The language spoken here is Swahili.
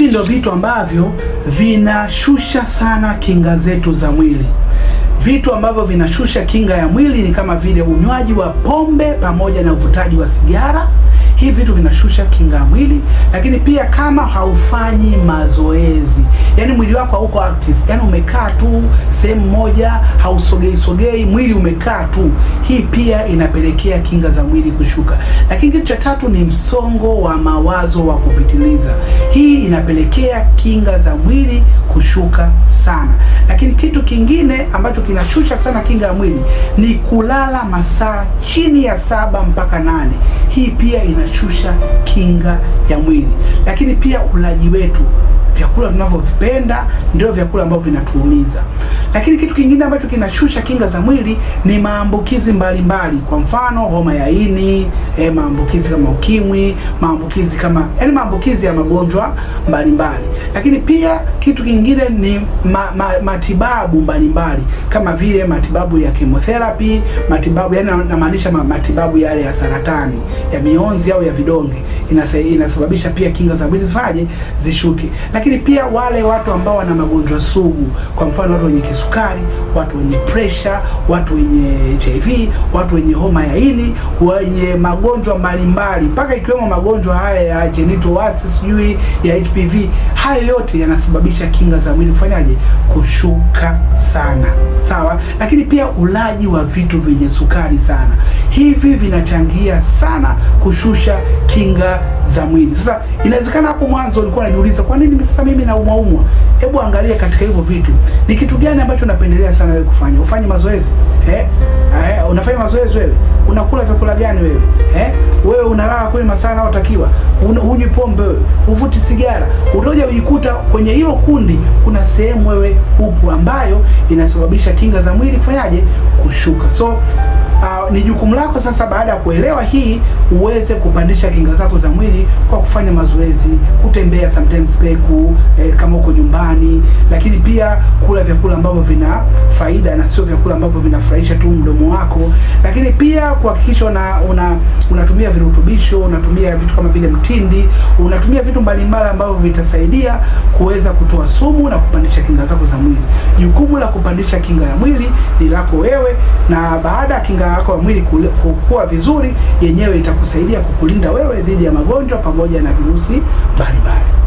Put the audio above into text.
hivi ndio vitu ambavyo vinashusha sana kinga zetu za mwili. Vitu ambavyo vinashusha kinga ya mwili ni kama vile unywaji wa pombe pamoja na uvutaji wa sigara. Hivi vitu vinashusha kinga ya mwili, lakini pia kama haufanyi mazoezi yani mwili wako hauko active, yani umekaa tu sehemu moja, hausogei sogei, mwili umekaa tu. Hii pia inapelekea kinga za mwili kushuka. Lakini kitu cha tatu ni msongo wa mawazo wa kupitiliza. Hii inapelekea kinga za mwili kushuka sana. Lakini kitu kingine ambacho kinashusha sana kinga ya mwili ni kulala masaa chini ya saba mpaka nane. Hii pia inashusha kinga ya mwili. Lakini pia ulaji wetu vyakula tunavyovipenda ndio vyakula ambavyo vinatuumiza. Lakini kitu kingine ambacho kinashusha kinga za mwili ni maambukizi mbalimbali, kwa mfano homa ya ini eh, maambukizi kama ukimwi, maambukizi kama yani maambukizi ya magonjwa mbalimbali. Lakini pia kitu kingine ni ma, ma, matibabu mbalimbali kama vile matibabu ya chemotherapy, matibabu yani namaanisha matibabu yale ya saratani ya mionzi au ya vidonge, inasababisha pia kinga za mwili zifaje, zishuke. Lakini pia wale watu ambao wana magonjwa sugu, kwa mfano watu wenye sukari, watu wenye presha, watu wenye HIV, watu wenye homa ya ini, wenye magonjwa mbalimbali mpaka ikiwemo magonjwa haya ya genital warts, sijui ya HPV. Haya yote yanasababisha kinga za mwili kufanyaje? Kushuka sana, sawa. Lakini pia ulaji wa vitu vyenye sukari sana, hivi vinachangia sana kushusha kinga za mwili. Sasa inawezekana hapo mwanzo ulikuwa unajiuliza kwa nini sasa mimi naumwaumwa? Hebu angalia katika hivyo vitu ni kitu gani ambacho unapendelea sana wewe kufanya, ufanye mazoezi eh? Eh, unafanya mazoezi wewe? Unakula vyakula gani wewe eh? Wewe unalala kweli masaa unayotakiwa? Unywi pombe wewe? Uvuti sigara? Utoja ujikuta kwenye hilo kundi, kuna sehemu wewe upo ambayo inasababisha kinga za mwili kufanyaje, kushuka so ni jukumu lako sasa, baada ya kuelewa hii, uweze kupandisha kinga zako za mwili kwa kufanya mazoezi, kutembea sometimes peku eh, kama uko nyumbani, lakini pia kula vyakula ambavyo vina faida na sio vyakula ambavyo vinafurahisha tu mdomo wako, lakini pia kuhakikisha una, una unatumia virutubisho, unatumia vitu kama vile mtindi, unatumia vitu mbalimbali ambavyo vitasaidia kuweza kutoa sumu na kupandisha kinga zako za mwili. Jukumu la kupandisha kinga ya mwili ni lako wewe, na baada ya kinga yako mwili kukua vizuri, yenyewe itakusaidia kukulinda wewe dhidi ya magonjwa pamoja na virusi mbalimbali.